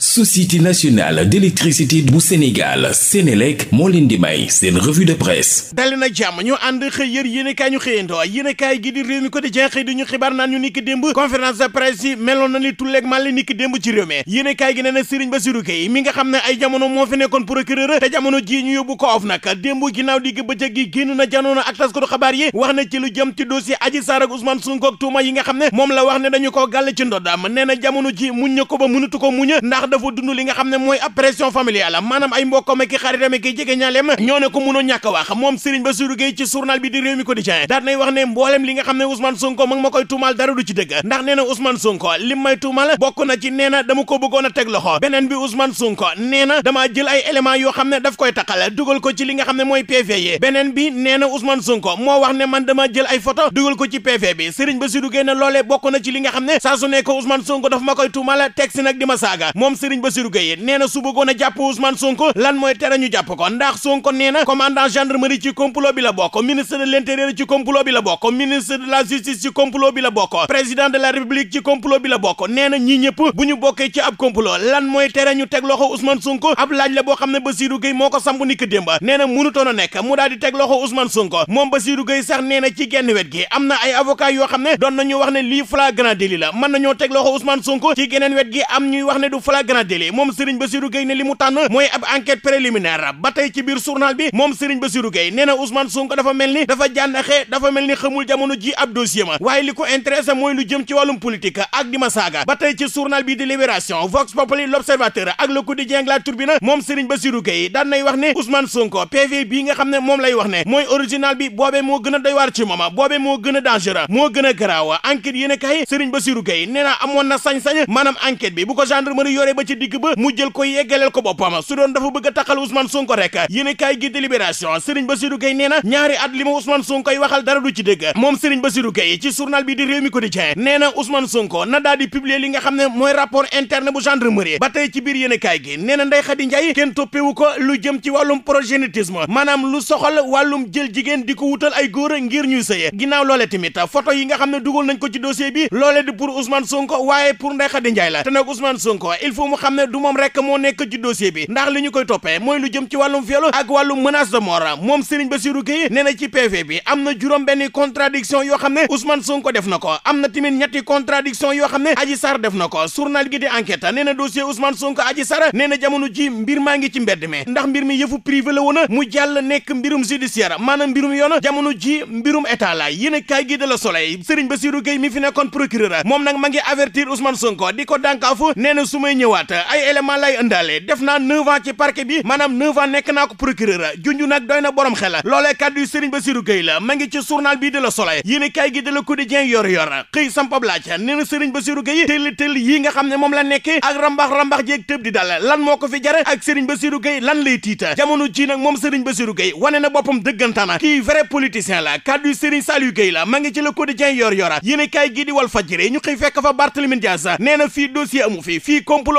société nationale d'électricité bu Sénégal Sénélec moo leen di may seen revue de presse dali nag jàmm ñu ànd xëy yër yéenekaay ñu xëyandoo yéenekaay gi di réew mi quotidien xëy di ñu xibaar naan ñu niki démb conférence de presse yi meloon na ni tulleeg màlle niki démb ci réew mi yéenekaay gi nee na Serigne Bassirou Gueye mi nga xam ne ay jamono moo fi nekkoon procureur te jamono ji ñu yóbbu ko of nag démb ginnaaw digg bëccëg gi génn na janoon ak taskatu xabaar yi na ci lu jëm ci dossier Adji nga xam ne moom la wax ko gàll ci ndoddam nee jamono ji muñ na ko ba mënatu ko muñ ndax ndax dafa dund li nga xam ne mooy ab pression familiale maanaam ay mbokkam ak xaritam ak jege ñaaleem ñoo ne ko mënoo ñàkk a wax moom Serigne Bassirou Gueye ci journal bi di Rewmi Quotidien daat nay wax ne mbooleem li xam ne Ousmane Sonko mag ma koy tuumal ci dëgg ndax nee na Ousmane Sonko li may ci nee dama ko a teg loxo beneen bi jël ay éléments yoo xam ne daf koy taqal dugal ko ci li nga xam ne mooy PV yi beneen bi nee na Ousmane moo wax ne man dama jël ay photo dugal ko ci PV bi Serigne Bassirou Gueye ne loolee bokk na ci li nga xam ne saa su ne ko Serigne Bassirou Gueye nee na su bëggoon a jàpp Ousmane Sonko lan mooy tere jàpp ko ndax Sonko nee na commandant gendarmerie ci complot bi la bokk ministre de l'intérieur ci complot bi la bokk ministre de la justice ci complot bi la bokk président de la république ci complot bi la bokk nee na bu ñu bokkee ci ab complot lan mooy tere ñu teg loxo Sonko ab laaj la boo xam ne Bassirou Gueye moo ko samp ni ko démb nee na mënutoon gën a deli moom Serigne Bassirou Gueye ne li mu tànn mooy ab enquête préliminaire ba tey ci biir journal bi moom Serigne Bassirou Gueye nee na Ousmane dafa mel ni dafa jànnaxe dafa mel ni xamul jamono ji ab dossier waaye li ko intéressé mooy lu jëm ci wàllum politique ak di ma saaga ba tey ci journal bi di Libération Vox Populi L'Observateur ak Le Quotidien La Tribune moom Serigne Bassirou Gueye daan nay wax ne Ousmane Sonko PV bii nga xam ne moom lay wax ne mooy original moo gën a doy waar ci mooma boobee moo gën ba ci digg ba mu jël ko yeggaleel ko boppam su doon dafa bëgg a taxal Ousmane Sonko rek yéen kaay gi délibération Serigne Bassirou Gueye nee na ñaari at li ma Ousmane Sonko y waxal dara du ci dëgg moom Serigne Bassirou Gueye ci journal bi di Rewmi Quotidien nee na Ousmane Sonko na daal di publier li nga xam ne mooy rapport interne bu gendarmerie ba tey ci biir yéen kaay gi nee na Ndeye Khady Ndiaye kenn toppewu ko lu jëm ci wàllum progénitisme maanaam lu soxal wàllum jël jigéen di ko wutal ay góor ngir ñuy sëye ginnaaw loole tamit photo yi nga xam ne dugal nañ ko ci dossier bi loole di pour Ousmane Sonko waaye pour Ndeye Khady Ndiaye la Sonko faut mu xam ne du moom rek moo nekk ci dossier bi ndax li ñu koy toppee mooy lu jëm ci wàllum viol ak wàllum menace de mort moom Serigne Bassirou Gueye nee na ci PV bi am na juróom benn contradiction yoo xam ne Ousmane Sonko def na ko am na tamit ñetti contradiction yoo xam ne Adji Sarr def na ko journal gi di enquête nee na dossier Ousmane Sonko Adji Sarr nee na jamono ji mbir maa ngi ci mbedd mi ndax mbir mi yëfu privé la a mu jàll nekk mbirum judiciaire maanaam mbirum yoon jamono ji mbirum état la yéen a kaay gi de la Soleil Serigne Bassirou Gueye mi fi nekkoon procureur moom nag ma ngi avertir Ousmane Sonko di ko dànkaafu nee na su may ñëwaat ay élément lay ëndaale def naa neuf ans ci parquet bi maanaam neuf ans naa ko procureur junj nag doy na borom xel loolee kàddu Serigne Bassirou Gueye la ma ngi ci journal bii de la Soleil yéen kaay gi la Quotidien yor-yor xëy sampab laaj nee na Serigne Bassirou Gueye tëll tëll yi nga xam ne moom la nekkee ak rambax rambax jéeg tëb di dal lan moo ko fi jare ak Serigne Bassirou Gueye lan lay tiita jamono ji nag moom Serigne Bassirou wane na boppam dëggantaan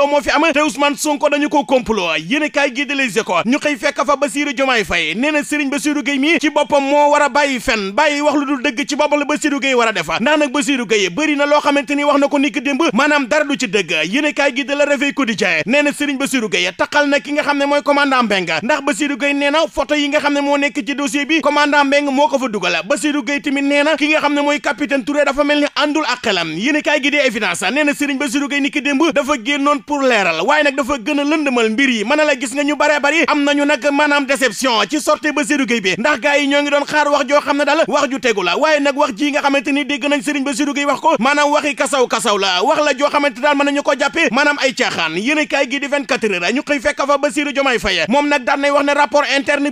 complot moo fi am te Ousmane Sonko dañu ko complot yéen kaay gi de Les Échos ñu xëy fekk fa Bassirou Diomaye Faye nee na Serigne Bassirou mii ci boppam moo war a bàyyi fen bàyyi wax lu dul dëgg ci boppam la Bassirou Gueye war a defa ndax nag Bassirou Gueye bëri na loo xamante ni wax na ko niki démb maanaam dara du ci dëgg yéen kaay gi de la Réveil Quotidien nee na Serigne Bassirou Gueye taqal na ki nga xam ne mooy commandant Mbengue ndax Bassirou Gueye nee na photo yi nga xam ne moo nekk ci dossier bi commandant Mbengue moo ko fa na ki nga xam ne mooy capitaine Touré dafa mel ni àndul ak xelam yéen kaay gi de évidence nee na Serigne dafa génnoon pour leeral waaye nag dafa gën a lëndëmal mbir yi la gis nga ñu bare bari am nañu nag maanaam déception ci sortie Bassirou Gueye bi ndax gars yi ñoo ngi doon xaar wax joo xam ne daal wax ju tegu waaye nag wax ji nga xamante ni dégg nañ Serigne Bassirou Gueye wax ko maanaam waxi kasaw kasaw la wax la joo xamante daal mën nañu ko jàppe maanaam ay caaxaan yéen kaay gi di 24 heures ñu xëy fekk fa Bassirou Diomaye Faye moom nag daan nay wax ne rapport interne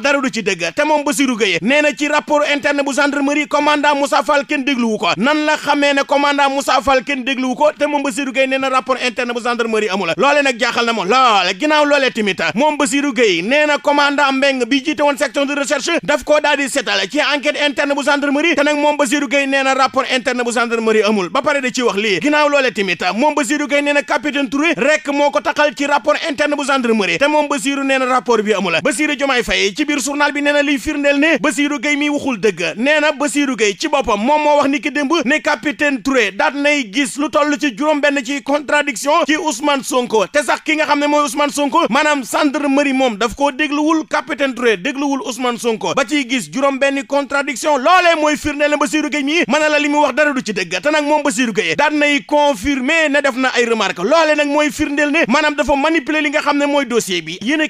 dara du ci dëgg te moom Bassirou Gueye nee na ci rapport interne bu gendarmerie commandant Moussa Fall kenn dégluwu ko nan la xamee ne commandant Moussa Fall kenn dégluwu ko te moom Bassirou Gueye nee na rapport interne bu gendarmerie amu la loole nag jaaxal na moom loole ginnaaw loolee tamit moom Bassirou Gueye nee na commandant Mbeng bi jiite woon section de recherche daf koo daal di seetal ci enquête interne bu gendarmerie te nag moom Bassirou Gueye nee na rapport interne bu gendarmerie amul ba pare da ci wax lii ginnaaw loolee tamit moom moo ko taxal ci rapport interne bu gendarmerie te moom Bassirou nee na rapport bi amul Bassirou Diomaye Faye ci biir journal bi nee na liy firndeel ne Basirou Gueye mi waxul dëgg nee na Basirou Gueye ci boppam moom moo wax ni ki démb ne capitaine Touré daat nay gis lu toll ci juróom benn ci contradiction ci Ousmane Sonko te sax ki nga xam ne mooy Ousmane Sonko maanaam gendarmerie moom daf koo dégluwul capitaine Touré dégluwul Ousmane Sonko ba ci gis juróom benn contradiction loole mooy firndeel ne Basirou Gueye mi mën na la li mu wax dara du ci dëgg te nag moom Basirou Gueye daat nay confirmer ne def na ay remarque loolee nag mooy firndeel ne maanaam dafa manipuler li nga xam ne mooy dossier bi yéen a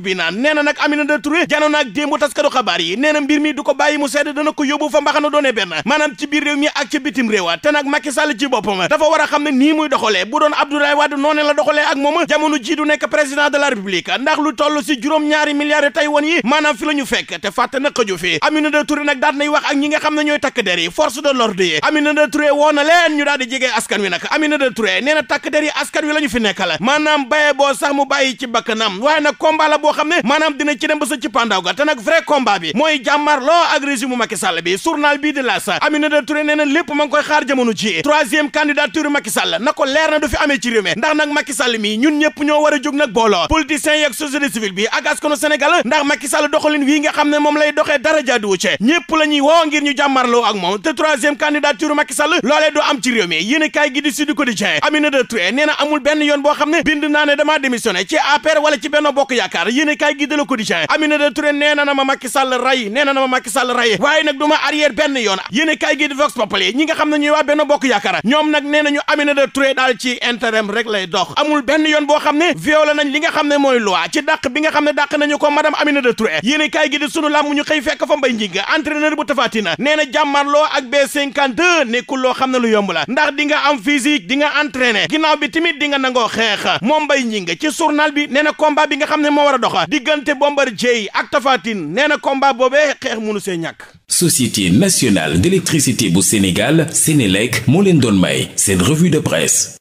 Turbina nee na nag Aminata Touré janoo naag démb taskatu xabaar yi nee na mbir mi du ko bàyyi mu sedd dana ko yóbbu fa mbaxana doone benn maanaam ci biir mi ak ci bitim réewa te nag Macky Sall ci dafa war a xam ne nii muy bu doon Abdoulaye Wade noone la doxalee ak moom jamono ji du nekk président de la République ndax lu toll si juróom-ñaari milliards Taïwan wax ak ñi xam ne ñooy takk der yi force de l'ordre yi Aminata Touré woo ñu daal di boo xam ne maanaam dina ci dem ba sa ci pandaw ga te nag vrai combat bi mooy jàmmarloo ak régime Macky Sall bi journal bii di laas Aminata Touré nee na lépp ma xaar jamono ji troisième candidature Macky Sall na leer na du fi amee ci réew mi ndax nag Macky mi ñun ñëpp ñoo war a na nag booloo politiciens yi ak société civile bi ak askanu Sénégal ndax Macky Sall wii nga xam ne moom lay doxee dara jaaduwu ci ñëpp la ñuy woo ngir ñu jàmmarloo ak moom te troisième candidature benn yoon boo xam ne bind naa ne damaa démissionné ci Yaakaar Sénégal yéen a kaay gi de Le Quotidien Aminata Touré nee na na ray nee na na ray waaye nag du ma benn yoon a kaay gi di Vox Populi ñi nga xam ne ñuy waa benn bokk yaakaar ñoom nag nee nañu Aminata Touré daal ci intérim rek lay dox amul benn yoon boo xam ne violé nañ li nga xam ne mooy loi ci dàq bi xam ne dàq nañu ko madame Aminata Touré yéen a kaay gi di sunu na jàmmarloo ak B52 nekkul loo xam lu yomb la ndax di am physique di nga entraîné bi timit di nangoo xeex moom mbay njinga ci journal doxa diggante Bombardier ak Tapha Tine nee na combat boobee xeex mënu see ñàkk société nationale d'électricité bu Sénégal Sénélec moo leen doon may seen revue de presse